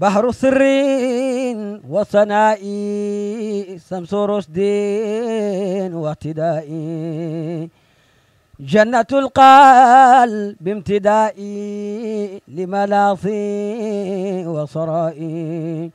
بحر سر وثنائي سمسور رشد واهتدائي جنة القلب بامتدائي لملاصي وصرائي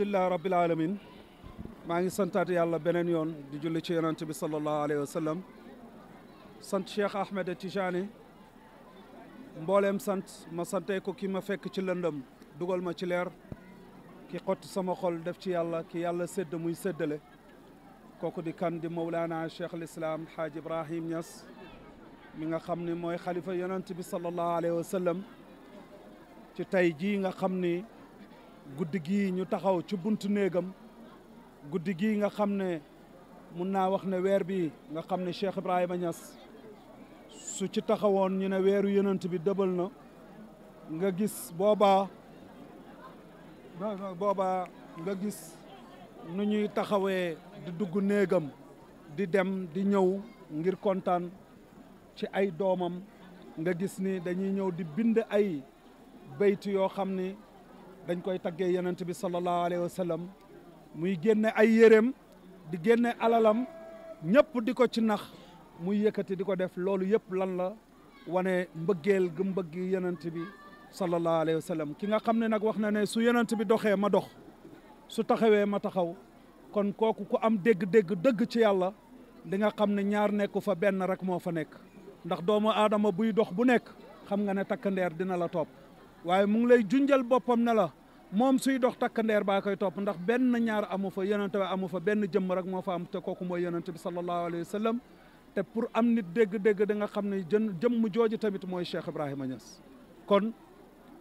alhamdulilah rabbil alamin maa ngi santaat yàlla beneen yoon di julli ci yonante bi sallallahu alayhi wa sallam sant Cheikh Ahmed Tijani mbooleem sant ma sante ko ki ma fekk ci lëndëm dugal ma ci leer ki xott sama xol def ci yàlla ki yàlla sédd muy séddale kooku di kan di Mawlana Cheikh al Islam Haaj Ibrahim Niass mi nga xam ni mooy xalifa yonante bi sallallahu alayhi wa sallam ci tey jii nga xam ni guddi gii ñu taxaw ci buntu néegam guddi gii nga xam ne mun naa wax ne weer bi nga xam ne Cheikh Ibrahima Niass su ci taxawoon ñu ne weeru yonent bi dëbal na nga gis boobaa boobaa nga gis nu ñuy taxawee di dugg néegam di dem di ñëw ngir kontaan ci ay doomam nga gis ni dañuy ñëw di bind ay bayt yoo xam ni dañ koy taggee yonent bi sallallahu alaihi wasallam muy génne ay yéreem di alalam ñepp diko ci nax muy yëkëti yep def loolu yëpp lan la wane mbëggeel gu mbëgg yonent bi sallallahu alaihi wasallam ki nga xamné ne wax na ne su yonent bi doxé ma dox su taxawé ma taxaw kon koku ku am dégg-dégg dëgg ci yalla di nga xamné ne ñaar nekku fa ben rek mo fa nek ndax doomu adama buy dox bu nek xam nga ne takandeer dina la top waye mu ngi lay junjal bopam ne la mom suy dox tak ndeer ba koy top ndax ben ñaar amu fa yonente bi amu fa ben jëm rek mo fa am te koku mooy yonente bi sallallahu alaihi wasallam te pour am nit deg deg da nga xamne jëm jën tamit moy Cheikh Ibrahima Niass kon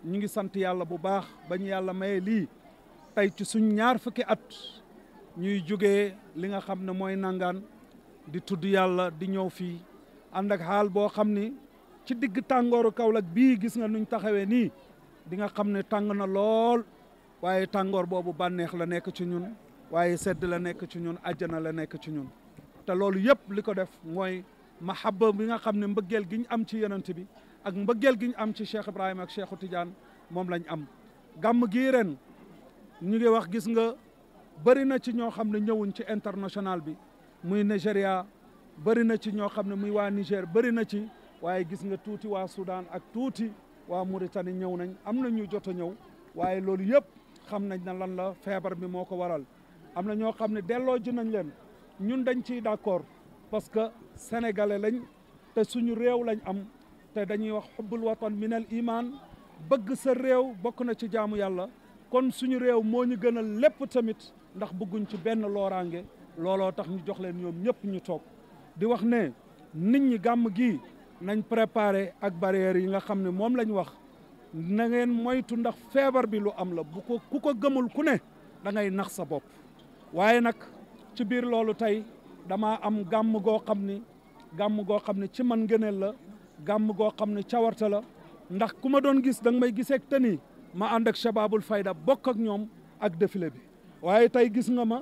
ñu ngi sant yalla bu baax ba yalla maye li tay ci suñ ñaar fukki at ñuy jógee li nga xamne moy nangaan di tudd yalla di ñëw fi and ak hal bo xam ci digg tàngooru Kaolack bi gis nga nuñ taxawé ni di nga xamne tang na lol waaye tàngoor boobu bànneex la nekk ci ñun waaye sedd la nekk ci ñun àjjana la nekk ci ñun te loolu yëpp li ko def mooy mahabba bi nga xam ne mbëggeel gi ñu am ci yenant bi ak mbëggeel gi ñu am ci Cheikh Ibrahima ak Cheikhu Tidiane moom lañ am gàmm gii ren ñu ngi wax gis nga bëri na ci ñoo xam ne ñëwuñ ci international bi muy Nigéria bëri na ci ñoo xam ne muy waa Niger bëri na ci waaye gis nga tuuti waa Soudan ak tuuti waa Mauritanie ñëw nañ am na ñuy jot a ñëw waaye loolu yëpp xam nañ ne lan la feebar bi moo ko waral am na ñoo xam ne delloo ji nañ leen ñun dañ ciy d'accord parce que sénégalais lañ te suñu réew lañ am te dañuy wax xubbul mi minal iman bëgg sa réew bokk na ci jaamu yàlla kon suñu réew moo ñu gënal lépp tamit ndax bëgguñ ci benn looraange looloo tax ñu jox leen ñoom ñëpp ñu toog di wax ne nit ñi gàmm gi nañ préparer ak barrières yi nga xam ne moom lañ wax na ngeen moytu ndax feebar bi lu am la bu ku ko gëmul ku ne da ngay nax sa bopp waaye nag ci biir loolu tey dama am gàmm goo xam ni gàmm goo xam ne ci man ngëneel la gàmm goo xam ne cawarte la ndax ku ma doon gis da nga may giseek te ma ànd ak Shababul Fayda bokk ak ñoom ak défilé bi waaye tey gis nga ma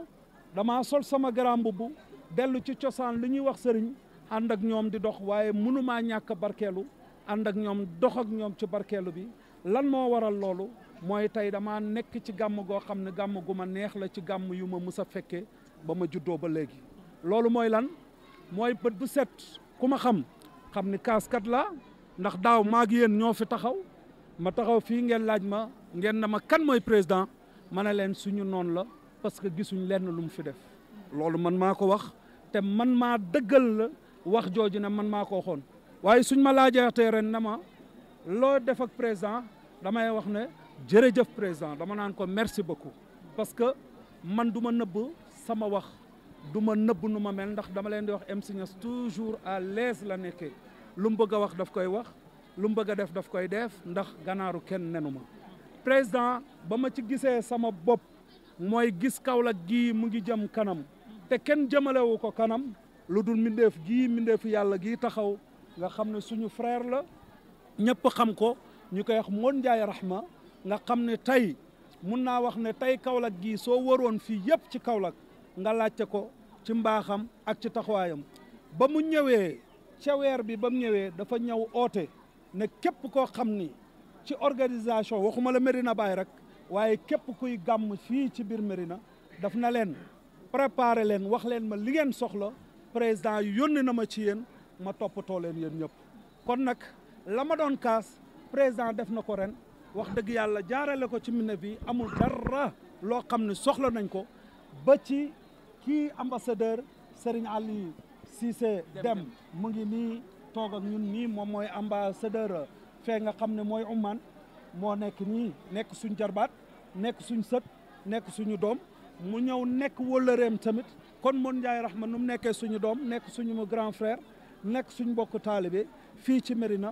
damaa sol sama garaam bu dellu ci cosaan li ñuy wax sëriñ ànd ak ñoom di dox waaye mënumaa ñàkk barkeelu ànd ak ñoom dox ñoom ci barkeelu bi lan moo waral loolu mooy tey dama nekk ci gàmm goo xam ne gàmm ma neex la ci gàmm yu ma mus a fekke ba ma juddoo ba léegi loolu mooy lan mooy bët bu set ku ma xam xam ni kaaskat la ndax daaw maag yéen ñoo fi taxaw ma taxaw fii ngeen laaj ma ngeen na ma kan mooy président ma ne leen suñu noon la parce que gisuñ lenn lu mu fi def loolu man maa ko wax te man maa dëggal la wax jooju ne man maa ko waxoon waaye suñ ma laajaatee ren loo defak président damay wax ne jërëjëf président dama naan ko merci beaucoup parce que man du ma nëbb sama wax du ma nëbb nu ma mel ndax dama leen di wax MC Niass toujours à lees la nekkee lu mu bëgg a wax daf koy wax lu mu bëgg a def daf koy def ndax ganaaru kenn nenu ma président ba ma ci gisee sama bopp mooy gis Kaolack gii mu ngi jam kanam te kenn jëmalewu ko kanam lu dul mbindeef gii mbindeefu yàlla gii taxaw nga xam ne suñu frère la ñëpp xam ko ñu koy wax Modou Ndiaye Rahma nga xam ne tey mun naa wax ne tey Kaolack gii soo waroon fii yëpp ci Kaolack nga laajte ko ci mbaaxam ak ci taxawaayam ba mu ñëwee ca weer bi ba mu ñëwee dafa ñëw oote ne képp koo xam ni ci organisation waxuma la Medina Baye rek waaye képp kuy gàmm fii ci biir Medina daf na leen préparer leen wax leen ma li ngeen soxla président yónni na ma ci yéen ma toppatoo leen yéen ñëpp kon nag la doon kaas président def na ko ren wax dëgg yàlla jaarale ko ci minne bi amul dara loo xam ne soxla nañ ko ba ci kii ambassadeur Serigne Ali Cissé Dem mu ngi nii toog ak ñun nii moom mooy ambassadeur fee nga xam ne mooy Oman moo nekk nii nekk suñ jarbaat nekk suñ sët nekk suñu doom mu ñëw nekk wëllëreem tamit kon Modou Ndiaye Rahma nu mu nekkee suñu doom nekk suñu grand frère nekk suñ mbokk taalibe fii ci Médina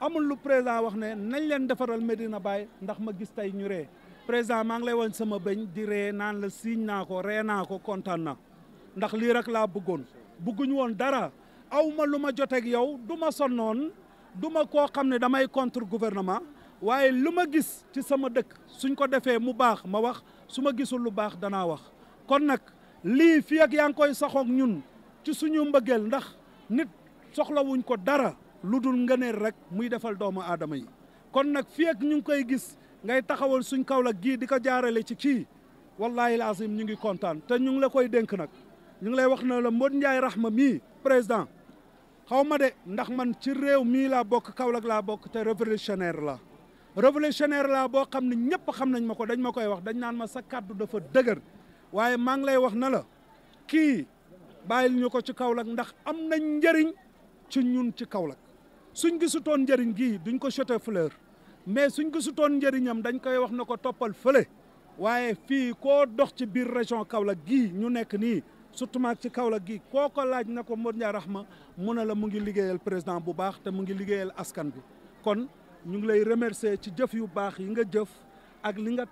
amul lu président wax ne nañ leen defaral Medina Baye ndax ma gis tey ñu ree président maa ngi lay woon sama bëñ di ree naan la siiñ naa ko ree naa ko kontaan na ndax lii rek laa bëggoon bëgguñu woon dara aw ma lu ma joteeg yow du ma sonnoon du ma koo xam ne damay contre gouvernement waaye lu ma gis ci sama dëkk suñ ko defee mu baax ma wax su ma gisul lu baax danaa wax kon nag lii fii ak yaa ngi koy saxoog ñun ci suñu mbëggeel ndax nit soxlawuñ ko dara lu dul ngëneel rek muy defal doomu aadama yi kon nag fii ak ñu ngi koy gis ngay taxawal suñ Kaolack gii di ko jaarale ci kii wallaahi laasim ñu ngi kontaan te ñu ngi la koy dénk nag ñu ngi lay wax ne la Mbodj Ndiaye ma mii président xawma de ndax man ci réew mii laa bokk Kaolack laa bokk te révolutionnaire la révolutionnaire la boo xam ne ñëpp xam nañ ma ko dañ ma koy wax dañ naan ma sa kàddu dafa dëgër waaye maa ngi lay wax na la kii bàyyil ñu ko ci Kaolack ndax am nañ njëriñ ci ñun ci Kaolack suñ gisutoon njëriñ gii duñ ko jeter fleur mais suñ gisutoon njëriñam dañ koy wax na ko toppal fële waaye fii koo dox ci biir région Kaolack gii ñu ci Kaolack ko laaj na ko Rahma mu ne la mu ngi liggéeyal président bu baax te mu ngi askan bi kon ñu ngi lay remercier ci jëf yu baax yi nga jëf ak li nga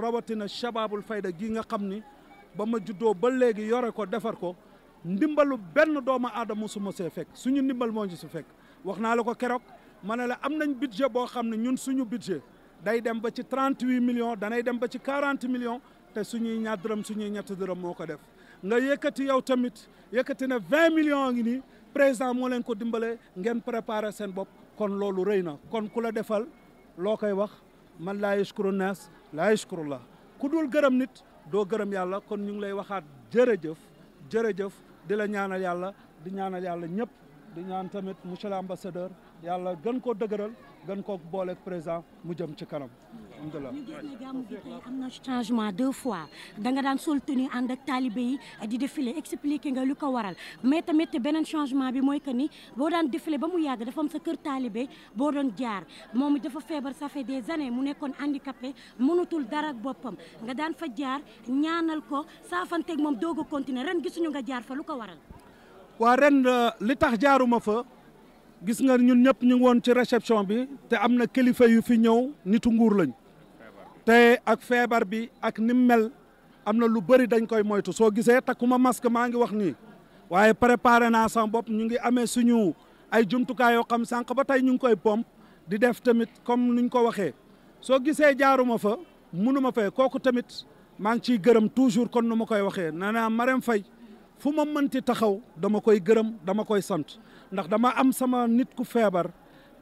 rawatina Shababul Fayda gii nga xam ni ba ma juddoo ba léegi yore ko defar ko ndimbalu benn doomu aadama su ma see fekk suñu ndimbal moo ñu si fekk wax naa la ko keroog ma ne la am nañ budget boo xam ne ñun suñu budget day dem ba ci trente huit million danay dem ba ci quarante million te suñuy ñaat dërëm suñu ñetti dërëm moo ko def nga yëkkati yow tamit yëkkati na vingt millions ngi nii président moo leen ko dimbale ngeen préparer seen bopp kon loolu rëy na kon ku la defal loo koy wax man laa yashkuru naas laa yashkurullah ku dul gërëm nit doo gërëm yàlla kon ñu ngi lay waxaat jërëjëf jërëjëf di la ñaanal yàlla di ñaanal yàlla ñëpp di ñaan tamit monsieur l'ambassadeur yàlla gën koo dëgëral gën koo booleeg président mu jëm ci kanam. alhamdulilah ñu gis ne changement deux fois da nga daan sol tenue ànd ak taalibe yi di défilé expliqué nga lu ko waral mais tamit beneen changement bi mooy que ni boo daan défilé ba mu yàgg dafa am sa kër taalibe boo doon jaar moom dafa feebar ça fait des années mu nekkoon handicapé mënutul dara ak boppam nga daan fa jaar ñaanal ko saafanteeg moom doog a continuer ren gisuñu nga jaar fa lu ko waral. waa ren euh, li tax jaaruma fa gis nga ñun ñëpp ñu woon ci réception bi te am na kilifa yu fi ñëw nitu nguur lañ te ak feebar bi ak ni mel am na lu bëri dañ koy moytu soo gisee takkuma masque maa ngi wax nii waaye préparé naa sama bopp ñu ngi amee suñu ay jumtukaay yoo xam sànq ba tey ñu ngi koy pomp di def tamit comme nuñ ko waxee soo gisee jaaruma fa munuma fay kooku tamit maa ngi ciy gërëm toujours kon nu ma koy waxee nee naa Marème fay fu ma mënti taxaw dama koy gërëm dama koy sant ndax dama am sama nit ku feebar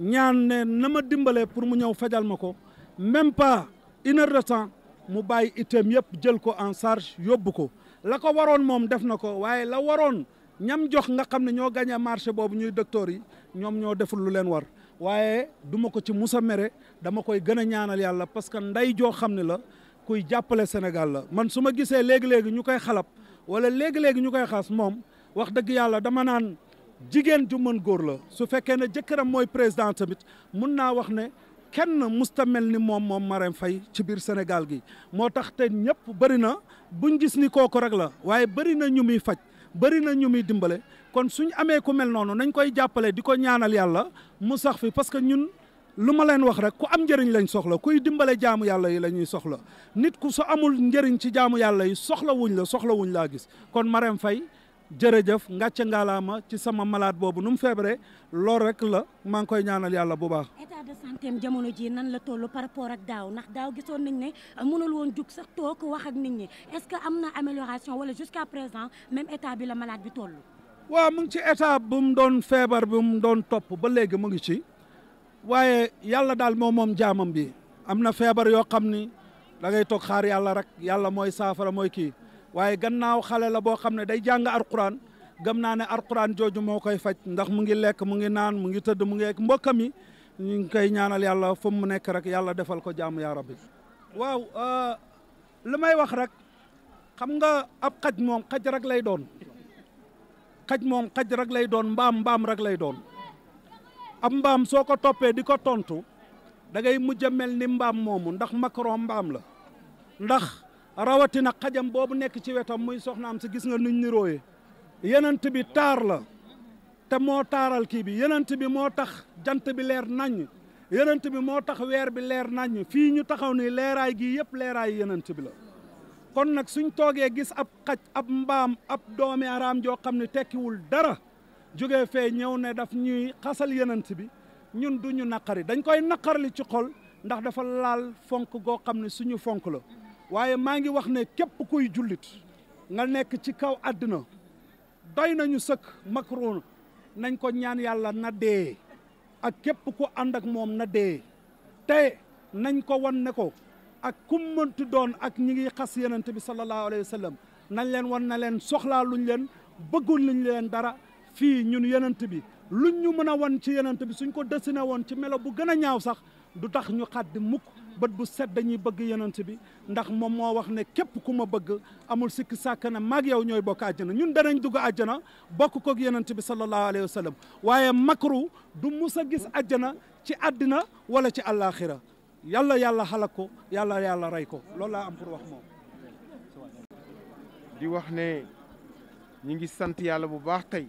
ñaan ne na ma dimbalee pour mu ñëw fajal ma ko même pas une heure mu bàyyi itam yëpp jël ko en charge yóbbu ko la ko waroon moom def na ko waaye la waroon ñam jox nga xam ne ñoo a marché boobu ñuy docteur yi ñoom ñoo deful lu leen war waaye du ma ko ci musa mere dama koy gën a ñaanal yàlla parce que ndey joo xam ne la kuy jàppale Sénégal la man su ma gisee léegi-léegi ñu koy xalab wala léegi-léegi ñu koy xas moom wax dëgg yàlla dama naan jigéen ju mën góor la su fekkee ne jëkkëram mooy président tamit mun naa wax ne kenn musta mel ni moom moom Marème fay ci biir Sénégal gi moo tax te ñëpp bëri na buñ gis ni kooku rek la waaye bëri na ñu muy faj bëri na ñu muy dimbale kon suñ amee ku mel noonu nañ koy jàppale di ko ñaanal yàlla mu sax fi parce ñun lu ma leen wax rek ku am njëriñ lañ soxla kuy dimbale jaamu yàlla yi la ñuy soxla nit ku so amul njëriñ ci jaamu yàlla yi soxla wuñ la soxla wuñ laa gis kon Marème fay jërëjëf ngàcce ngaalaama ci sama malade boobu nu mu feebaree loolu rek la maa ngi koy ñaanal yàlla bu baax. état de santé am jamono ji nan la toll par rapport ak daaw ndax daaw gisoon nañ ne euh, mënul woon jug sax toog wax ak nit ñi est-ce que am na amélioration wala jusqu'à présent même état bi la malade bi toll. waaw mu ngi ci état bu mu doon feebar mu doon topp ba mu ngi ci. waaye yàlla daal moo moom jaamam bi am na feebar yoo xam ni da ngay toog xaar yàlla rek yàlla mooy saafara mooy kii waaye gannaaw xale la boo xam ne day jàng alquran gam naa ne alquran jooju moo koy faj ndax mu ngi lekk mu ngi naan mu ngi tëdd mu ngi ak mbokkam ngi koy ñaanal yàlla fu mu nekk rek yàlla defal ko jaamu yaa rabbi waaw euh, li may wax rek xam nga ab xaj moom xaj rek lay doon xaj moom xaj rek lay doon mbaam mbaam rek lay doon ab mbaam soo ko toppee di ko tontu da ngay mujj a mel ni mbaam moomu ndax Macron mbaam la ndax rawatina xajam boobu nekk ci wetam muy soxnaam si gis nga nuñ nirooyee yenent bi taar la te moo taaral kii bi yenent bi moo tax jant bi leer naññ yenent bi moo tax weer bi leer naññ fii ñu taxaw ni leeraay gi yëpp leeraay yenent bi la kon nag suñ toogee gis ab xaj ab mbaam ab doomi araam joo xam ne tekkiwul dara jóge fee ñëw ne daf ñuy xasal yenant bi ñun duñu naqari dañ koy naqarli ci xol ndax dafa laal fonk goo xam ne suñu fonk la waaye maa ngi wax ne képp kuy jullit nga nekk ci kaw àddina doy nañu sëkk Macron nañ ko ñaan yàlla na dee ak képp ku ànd moom na dee te nañ ko wan ne ko ak kum mënti doon ak ñi ngi xas yenant bi sallallahu alayhi wa nañ leen wan na leen soxlaa leen bëgguñ luñ leen dara fii ñun yonent bi lu ñu mën a wan ci yonent bi suñ ko dessiné woon ci melo bu gën a ñaaw sax du tax ñu xàddi mukk bët bu set dañuy bëgg yonent bi ndax moom moo wax ne képp ku ma bëgg amul sikk sàkk na maag yow ñooy bokk àjjana ñun danañ dugg àjjana bokk koog yonent bi sallallahu alayhi wa waaye makru du musa gis gis àjjana ci àddina wala ci àllaaxira yàlla yàlla xalak ko yàlla yàlla rey ko loolu am pur wax moom di wax ne ñu ngi sant yàlla bu baax tey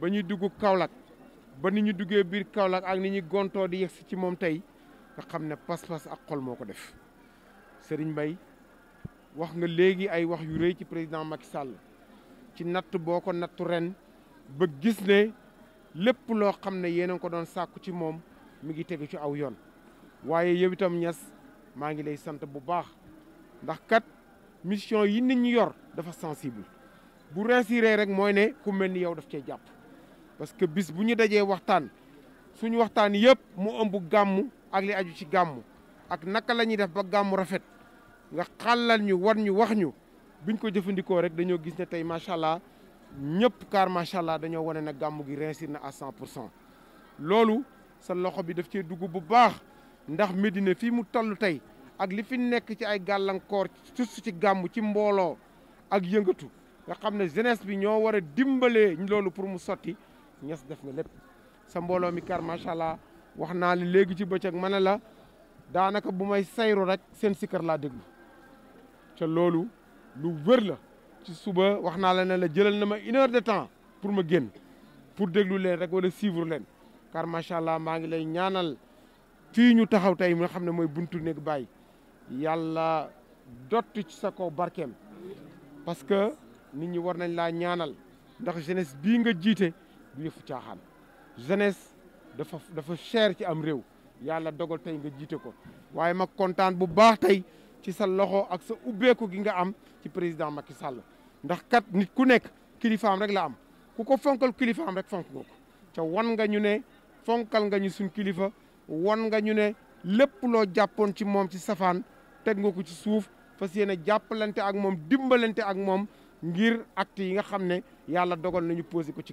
ba ñuy dugg Kaolack ba ni ñu duggee biir Kaolack ak ni ñuy gontoo di yegsi ci moom tey nga xam ne pas-pas ak xol moo ko def Serigne bay wax nga léegi ay wax yu rëy ci président Macky Sall ci natt boo ko ren ba gis ne lépp loo xam ne yéen a ko doon sàkku ci moom mi ngi tegu ci aw yoon waaye yow itam ñas maa ngi lay sant bu baax ndax kat mission yi nit ñi yor dafa sensible bu réussir rek mooy ne ku mel ni yow daf cee jàpp parce que bis bu ñu dajee waxtaan suñu waxtaan yëpp mu ëmb gàmm ak li aju ci gàmmu ak naka la ñuy def ba gàmmu rafet nga xàllal ñu war ñu wax ñu biñ ko jëfandikoo rek dañoo gis ne tey macha allah ñëpp kaar macha allah dañoo wane ne gàmm gi réussir na à 100 pour loolu sa loxo bi daf cee dugub bu baax ndax Médina fii mu toll tey ak li fi nekk ci ay gàllankoor sus ci gàmm ci mbooloo ak yëngatu nga xam ne jeunesse bi ñoo war a dimbalee loolu pour mu sotti. ñes def na lépp sa mbooloo mi kar macha allah wax naa la léegi ci bëccëg ma ne la daanaka bu may sayru rek seen sikkar laa déglu ca loolu lu wër la ci suba wax naa la ne la jëlal na ma une heure de temps pour ma génn pour déglu leen rek wala suivre leen car macha allah maa ngi lay ñaanal fii ñu taxaw tey nga xam ne mooy buntu néeg bàyyi yàlla dott ci sa kaw barkeem parce que nit ñi war nañ laa ñaanal ndax jeunesse bii nga jiite du yëfu caaxaan jeunesse dafa dafa cher ci am rew yalla dogal tay nga jité ko waye ma contane bu baax tay ci sa loxo ak sa ubbeeku gi nga am ci président Macky Sall ndax kat nit ku nekk kilifaam rek la am ku ko fonkal kilifaam rek fonk nga ca wan nga ñu ne fonkal nga ñu sun kilifa wan nga ñu ne lepp lo jappon ci mom ci safaan tek nga ci suuf fas jappalante ak mom dimbalante ak mom ngir acte yi nga xamne yalla dogal nañu poser ko ci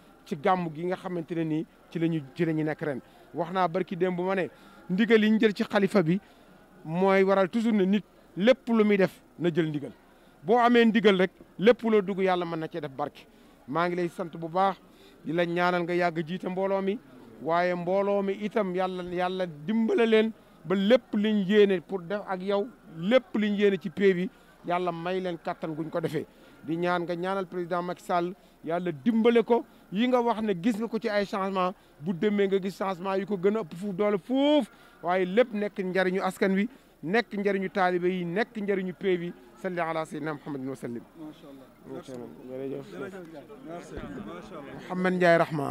ci gàmm gi nga xamante ne nii ci la ñu ci la ñu nekk ren wax naa barki démb bu ma ne ndigal yi ñu jël ci xalifa bi mooy waral toujours ne nit lépp lu muy def na jël ndigal boo amee ndigal rek lépp loo dugg yàlla mën na cee def barki maa ngi lay sant bu baax di la ñaanal nga yàgg jiite mbooloo mi waaye mbooloo mi itam yàlla yàlla dimbale leen ba lépp liñ yéene pour def ak yow lépp liñ yéene ci pay bi yàlla may leen kattan guñ ko defee di ñaan nga ñaanal président Macky Sall yàlla dimbale ko yi nga wax ne gis nga ko ci ay changement bu démé nga gis changement yu ko gëna a ëpp fuuf doole fuf waye lépp nek njariñu askan wi nek njariñu talibé yi nek njariñu pee bi salli ala sayyidina muhammadin wa sallim ma ma sha sha Allah Allah muhammad Ndiaye Rahma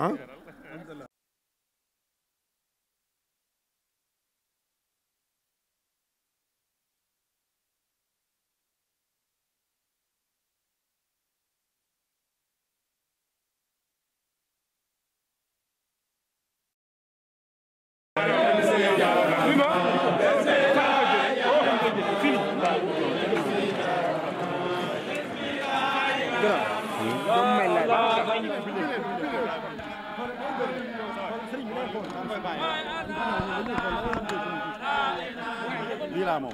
lii laa moom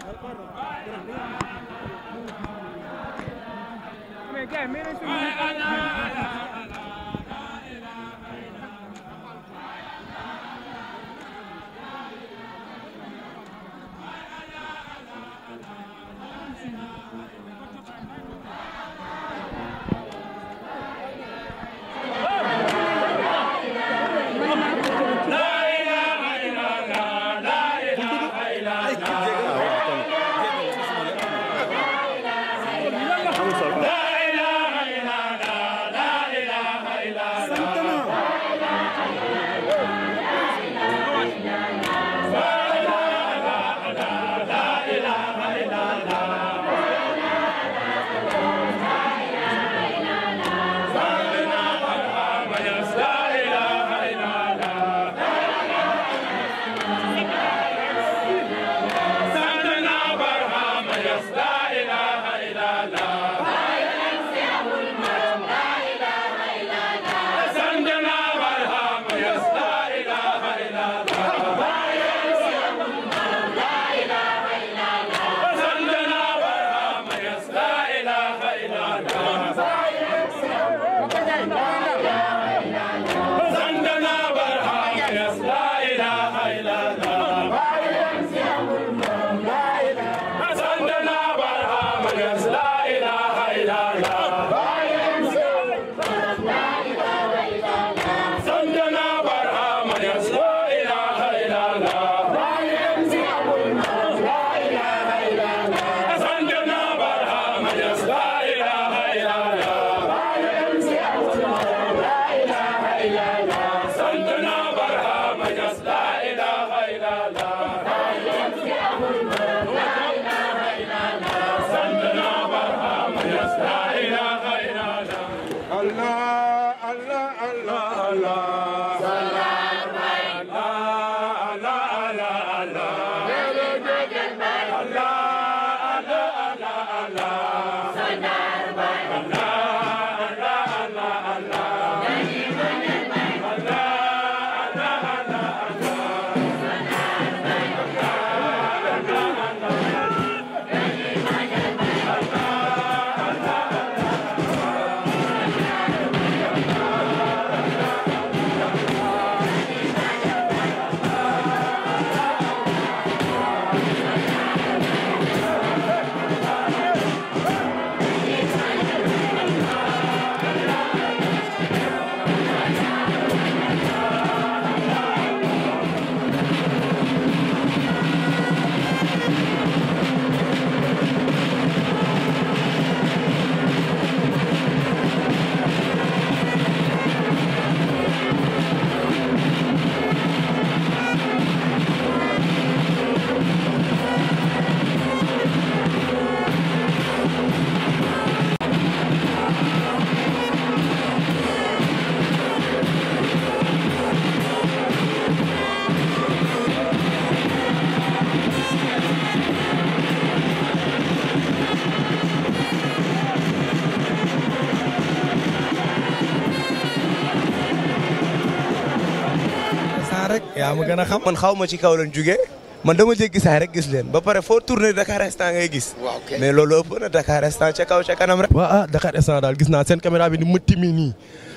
yaa ma gën a xam man xaw ma ci kaw lan jugee man dama jéggi saay rek gisleen ba pare foo tourné Dakar instant ngay gis. mais loolu ëpp na Dakar instant ca kaw ca kanam rek. Ah, gis naa seen caméra bi ni ma timmi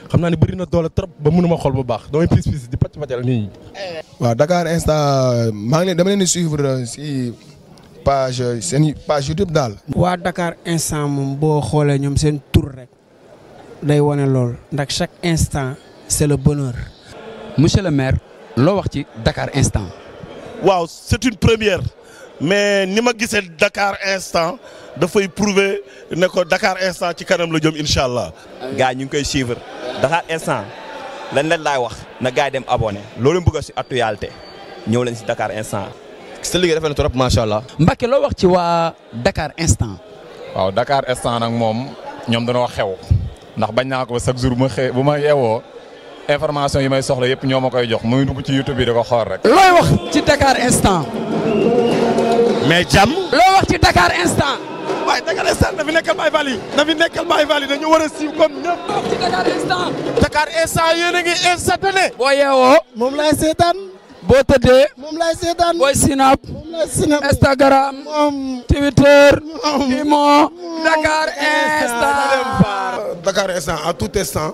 xam naa ne bëri na doole trop ba mënuma xool bu baax damay pis pis di pàcc pàccal Dakar instant maa ngi leen dama leen di suivre euh, si page euh, seen page YouTube daal. waa Dakar instant moom boo xoolee ñoom seen tour rek day wane lool ndax chaque instant c'est le bonheur. monsieur le maire. loo wax ci Dakar instant. waaw c'est une première mais ni ma Dakar instant dafay prouver ne Dakar instant ci kanam la jëm Inshallah. allah. gars ñu ngi koy suivre Dakar instant L'année leen laay wax na gars dem abonné loolu bëgg si actualité ñëw leen Dakar instant. sa liggéey rafet na trop macha allah. Mbacke loo wax ci waa Dakar instant. waaw Dakar instant nag moom ñoom dañoo xew ndax bañ naa ko chaque jour bu ma xee information yi may soxla yëpp ñoo ma koy jox muy dugg ci YouTube bi da ko xool rek. looy wax ci Dakar instant. mais jàmm. loo wax ci Dakar instant. Dakar instant dafi nekkal instant. Dakar boo yeewoo. moom laay seetaan. boo tëddee. moom laay seetaan. Instagram. Twitter. moom Imo. Dakar instant. Dakar instant à tout instant.